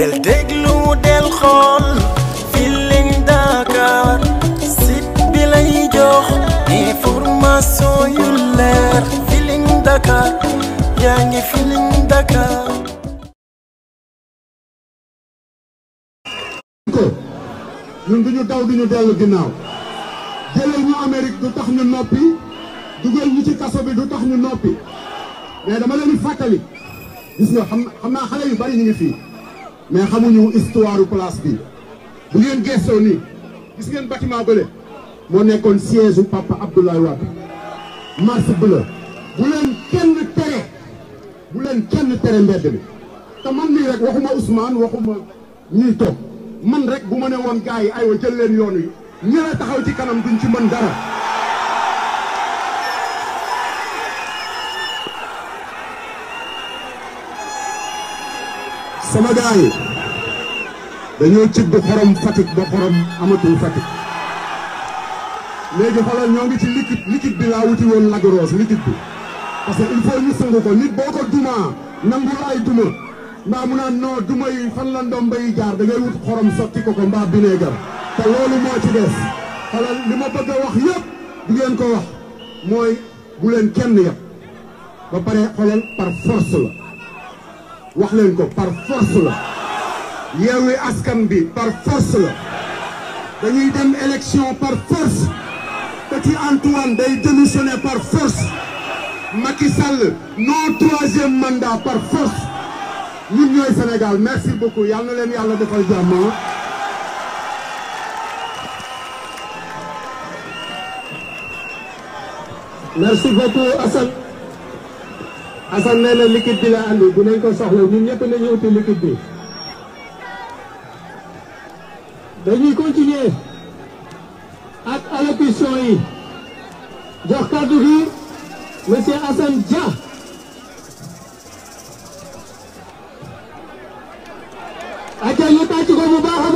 del déglu del xool Feeling Dakar site bi lay jox information yu leer Feeling Dakar yaa ngi Feeling Dakar ñun duñu daw duñu dellu ginnaaw jëlal ñu Amérique du tax ñu noppi dugal ñu ci kaso bi du tax ñu noppi mais dama leen di fàttali gis nga xam xam naa xale yu bari ñu ngi fii mais xamuñu histoire place bi bu ngeen gëstoo nii gis ngeen bâtiment bële moo nekkoon siège u papa Abdoulaye Wade mars bleu bu leen kenn tere bu leen kenn tere mbedd bi te man mii rek waxuma Ousmane waxuma ñuy toog man rek bu ma ne woon gars yi aywa jël leen yoon yi ñëla taxaw ci kanam duñ ci mën dara sama gars yi dañoo cib du xorom Fatick ba xorom amatul Fatick léegi xoolal ñoo ngi ci liquide liquide bi laa wuti woon lagros liquide bi parce que il faut ñu sangu ko nit boo ko dumaa nangu laay duma mbaa mu naan non duma yi fan la ndomba yi jaar da ngay wut xorom sotti ko ko mbaa bineegar te loolu moo ci des xoolal li ma bëgg a wax yëpp du ngeen ko wax mooy bu leen kenn yëpp ba pare xoolal par force la wax leen ko par force la yeewi askan bi par force la dañuy dem élection par force petit Antoine day démissionner par force Macky non troisième mandat par force ñun ñooy Sénégal merci beaucoup yàlla na leen yàlla defal jàmm merci Assane nee na liquide bi la andi dinañ ko soxla ñun ñëpp nañu uti liquide bi dañuy continuer ak allocution yi jox kàddu gi monsieur Assane Dia aca ñu tàcc ko bu baax